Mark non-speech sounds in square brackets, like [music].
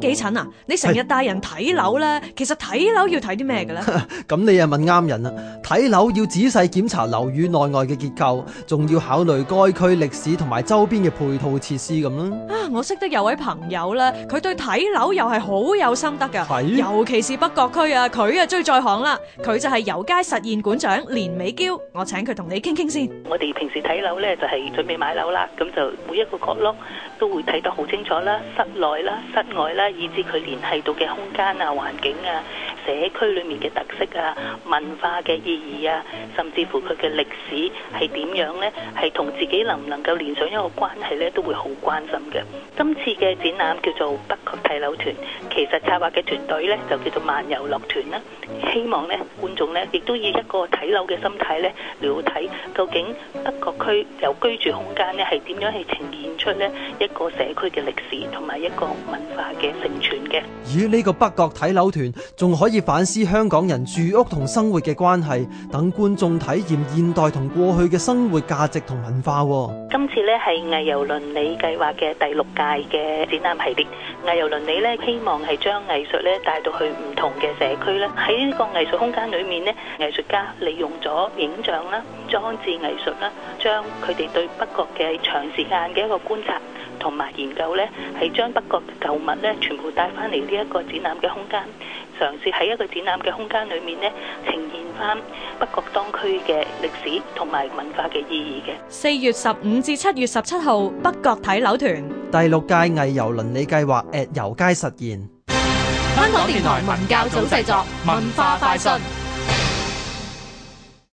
幾蠢啊！你成日帶人睇樓咧，其實睇樓要睇啲咩嘅咧？咁 [laughs] 你又問啱人啦！睇樓要仔細檢查樓宇內外嘅結構，仲要考慮該區歷史同埋周邊嘅配套設施咁啦。啊，我識得有位朋友啦，佢對睇樓又係好有心得噶，尤其是北角區啊，佢啊最在行啦。佢就係油街實現館長連美嬌，我請佢同你傾傾先。我哋平時睇樓咧，就係準備買樓啦，咁就每一個角落都會睇得好清楚啦，室內啦，室外啦。以致佢聯繫到嘅空間啊、環境啊。社區裏面嘅特色啊、文化嘅意義啊，甚至乎佢嘅歷史係點樣咧，係同自己能唔能夠連上一個關係咧，都會好關心嘅。今次嘅展覽叫做北角睇樓團，其實策劃嘅團隊咧就叫做漫遊樂團啦。希望咧觀眾咧亦都以一個睇樓嘅心態咧嚟睇，究竟北角區由居住空間咧係點樣去呈現出咧一個社區嘅歷史同埋一個文化嘅承傳嘅。咦？呢個北角睇樓團仲可以反思香港人住屋同生活嘅關係，等觀眾體驗現代同過去嘅生活價值同文化。今次咧係藝遊鄰里計劃嘅第六屆嘅展覽系列。藝遊鄰里咧希望係將藝術咧帶到去唔同嘅社區咧。喺呢個藝術空間裏面咧，藝術家利用咗影像啦、裝置藝術啦，將佢哋對北角嘅長時間嘅一個觀察同埋研究咧，係將北角嘅舊物咧全部帶翻嚟呢一個展覽嘅空間。嘗試喺一個展覽嘅空間裏面咧，呈現翻北角當區嘅歷史同埋文化嘅意義嘅。四月十五至七月十七號，北角睇樓團，第六屆藝遊鄰里計劃 at 油街實現。香港電台文教組製作，文化快訊。